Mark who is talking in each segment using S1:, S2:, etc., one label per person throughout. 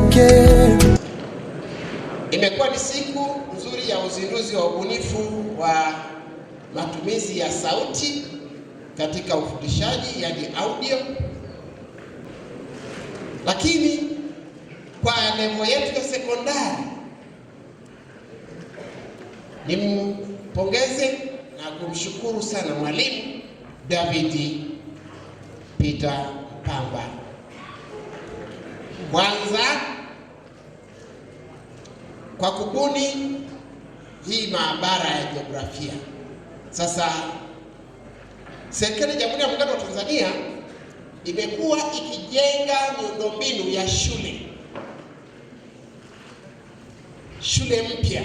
S1: yake.
S2: Imekuwa ni siku nzuri ya uzinduzi wa ubunifu wa matumizi ya sauti katika ufundishaji, yani audio, lakini kwa levo yetu ya sekondari, nimpongeze na kumshukuru sana Mwalimu David Peter pamba kwanza kwa kubuni hii maabara ya jiografia. Sasa serikali ya Jamhuri ya Muungano wa Tanzania imekuwa ikijenga miundombinu ya shule shule mpya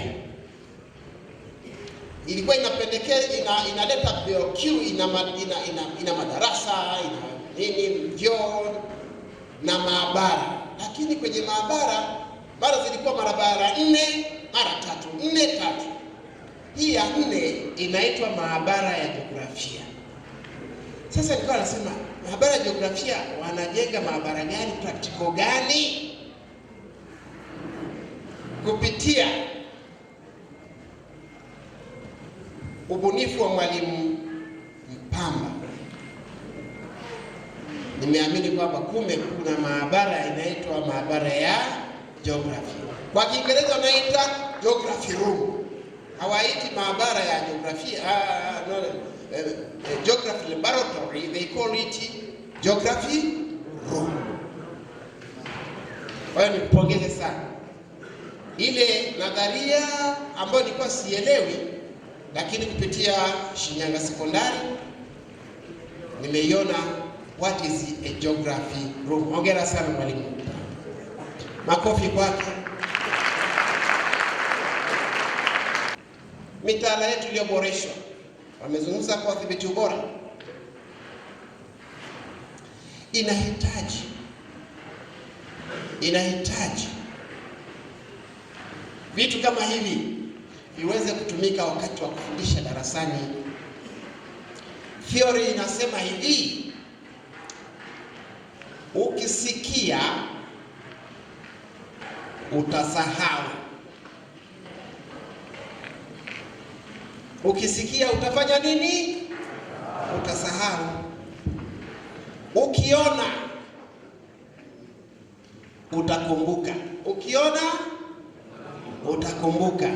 S2: ilikuwa inapendekeza ina, inaleta BOQ ina, ina, ina, ina madarasa ina nini vyoo na maabara, lakini kwenye maabara mara zilikuwa barabara nne mara tatu nne tatu. Hii ya nne inaitwa maabara ya jiografia. Sasa nilikuwa nasema maabara ya jiografia wanajenga maabara gani, practical gani? Kupitia ubunifu wa mwalimu Mpamba, nimeamini kwamba kumbe kuna maabara inaitwa maabara ya geography. Kwa Kiingereza wanaita geography room. Hawaiti maabara ya geography, ah, no, eh, eh, geography laboratory, they call it geography room. Kwa hiyo nikupongeze sana. Ile nadharia ambayo nilikuwa sielewi, lakini kupitia Shinyanga Sekondari nimeiona what is a geography room. Hongera sana mwalimu. Makofi kwake. Mitaala yetu iliyoboreshwa, wamezungumza kwa udhibiti ubora, inahitaji inahitaji vitu kama hivi viweze kutumika wakati wa kufundisha darasani. Theory inasema hivi, ukisikia utasahau. Ukisikia utafanya nini? Utasahau. Ukiona utakumbuka, ukiona utakumbuka,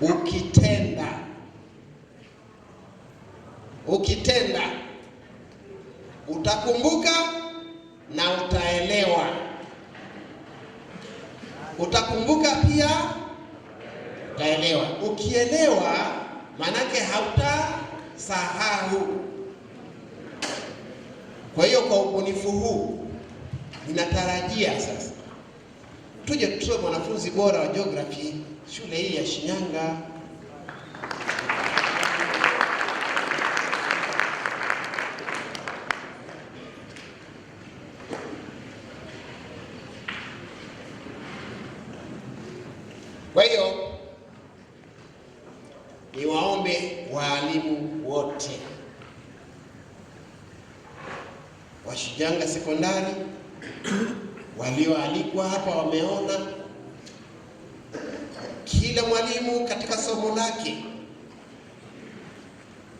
S2: ukitenda ukitenda utakumbuka na utaelewa. Utakumbuka pia utaelewa. Ukielewa maanake hautasahau. Kwa hiyo kwa ubunifu huu ninatarajia sasa tuje tutoe mwanafunzi bora wa jiografia shule hii ya Shinyanga. Kwa hiyo niwaombe waalimu wote wa Shinyanga Sekondari walioalikwa hapa, wameona kila mwalimu katika somo lake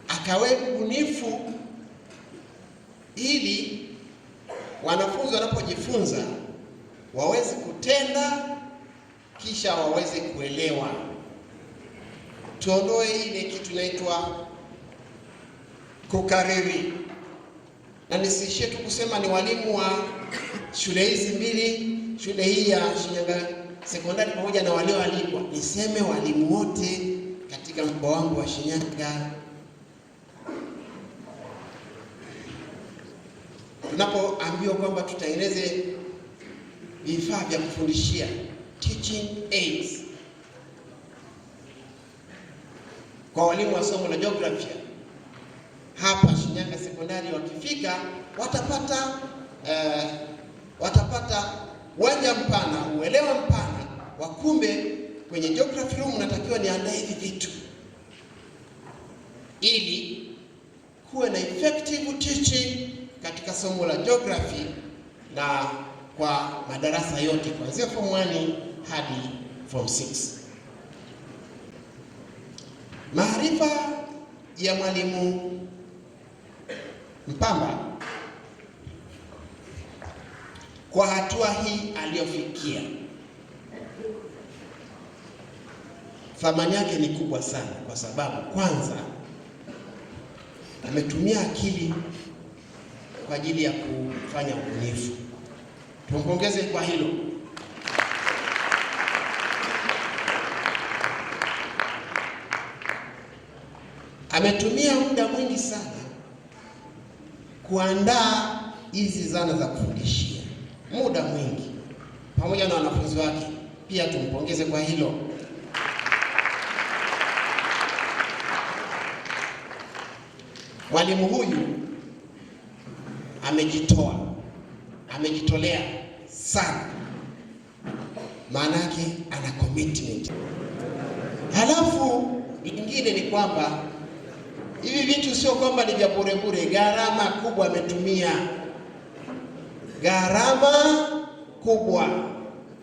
S2: akawe mbunifu ili wanafunzi wanapojifunza waweze kutenda kisha waweze kuelewa. Tuondoe ile kitu inaitwa kukariri, na nisishie tu kusema ni walimu wa shule hizi mbili, shule hii ya Shinyanga sekondari pamoja na walioalikwa. Niseme walimu wote katika mkoa wangu wa Shinyanga, tunapoambiwa kwamba tutaeleze vifaa vya kufundishia teaching aids kwa walimu wa somo la jiografia hapa Shinyanga Sekondari, wakifika watapata eh, watapata uwanja mpana, uelewa mpana wa kumbe kwenye geography room natakiwa niandae hivi vitu ili kuwe na effective teaching katika somo la geography na kwa madarasa yote kuanzia form 1 hadi form 6. Maarifa ya mwalimu Mpamba kwa hatua hii aliyofikia, thamani yake ni kubwa sana, kwa sababu kwanza ametumia akili kwa ajili ya kufanya ubunifu Mpongeze kwa hilo. Ametumia muda mwingi sana kuandaa hizi zana za kufundishia, muda mwingi pamoja na wanafunzi wake, pia tumpongeze kwa hilo. Mwalimu huyu amejitoa, amejitolea sana, maana yake ana commitment. Halafu ingine ni kwamba hivi vitu sio kwamba ni vya bure bure, gharama kubwa ametumia, gharama kubwa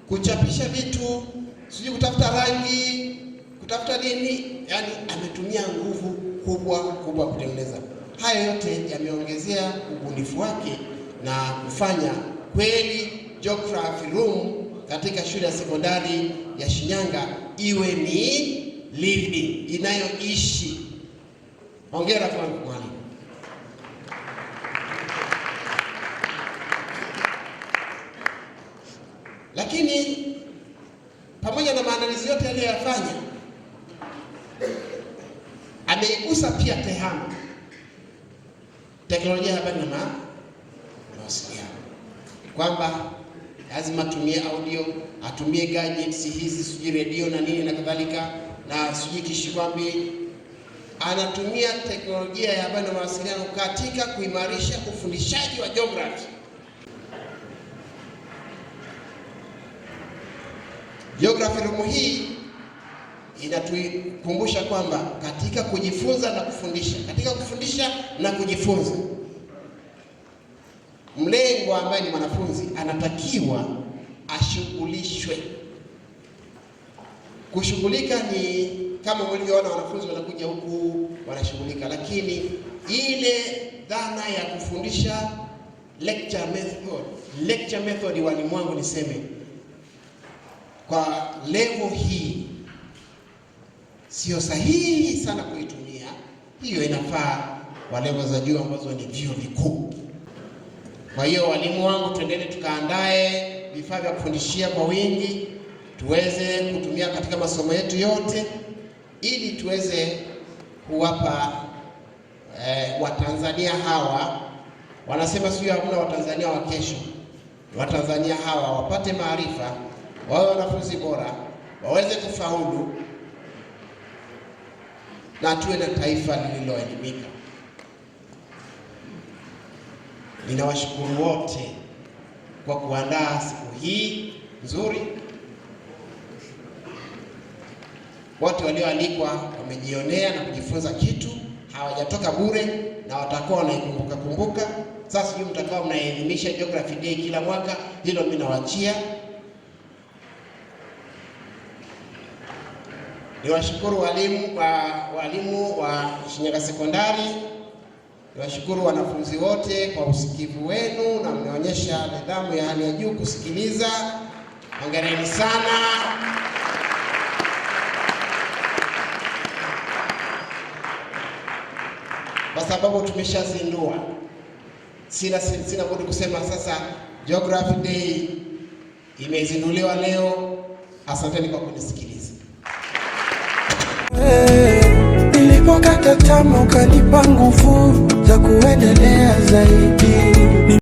S2: kuchapisha vitu, sijui kutafuta rangi, kutafuta nini, yani ametumia nguvu kubwa kubwa kutengeneza haya yote yameongezea ubunifu wake na kufanya kweli geography room katika shule ya sekondari ya Shinyanga iwe ni living inayoishi. Hongera kwangu mwalimu. Lakini pamoja na maandalizi yote aliyoyafanya, ameigusa pia TEHAMA, teknolojia ya habari na mawasiliano, kwamba lazima atumie audio, atumie gadgets hizi, sijui redio na nini na kadhalika, na sijui kishikwambi. Anatumia teknolojia ya habari na mawasiliano katika kuimarisha ufundishaji wa geography. Geography room hii inatukumbusha kwamba katika kujifunza na kufundisha, katika kufundisha na kujifunza mlengwa ambaye ni mwanafunzi anatakiwa ashughulishwe. Kushughulika ni kama mlivyoona, wanafunzi wanakuja huku wanashughulika, lakini ile dhana ya kufundisha lecture method, lecture method, walimu wangu, niseme kwa level hii sio sahihi sana kuitumia hiyo. Inafaa wa level za juu ambazo ni vyuo vikuu kwa hiyo walimu wangu, twendeni tukaandae vifaa vya kufundishia kwa wingi, tuweze kutumia katika masomo yetu yote, ili tuweze kuwapa eh, Watanzania hawa wanasema sio, hakuna Watanzania wa kesho. Watanzania hawa wapate maarifa, wawe wanafunzi bora, waweze kufaulu na tuwe na taifa lililoelimika. Ninawashukuru wote kwa kuandaa siku hii nzuri. Wote walioalikwa wamejionea na kujifunza kitu, hawajatoka bure na watakuwa wanaikumbuka kumbuka. Sasa sijui mtakao mnaelimisha Geography Day kila mwaka, hilo mimi nawaachia. Niwashukuru walimu wa walimu wa Shinyanga Sekondari Niwashukuru wanafunzi wote kwa usikivu wenu na mmeonyesha nidhamu ya hali ya juu kusikiliza. Hongereni sana. Kwa sababu tumeshazindua, sina sina budi kusema sasa, Geography Day imezinduliwa leo. Asanteni kwa kunisikiliza ulipokata tamaa ukanipa nguvu za kuendelea zaidi.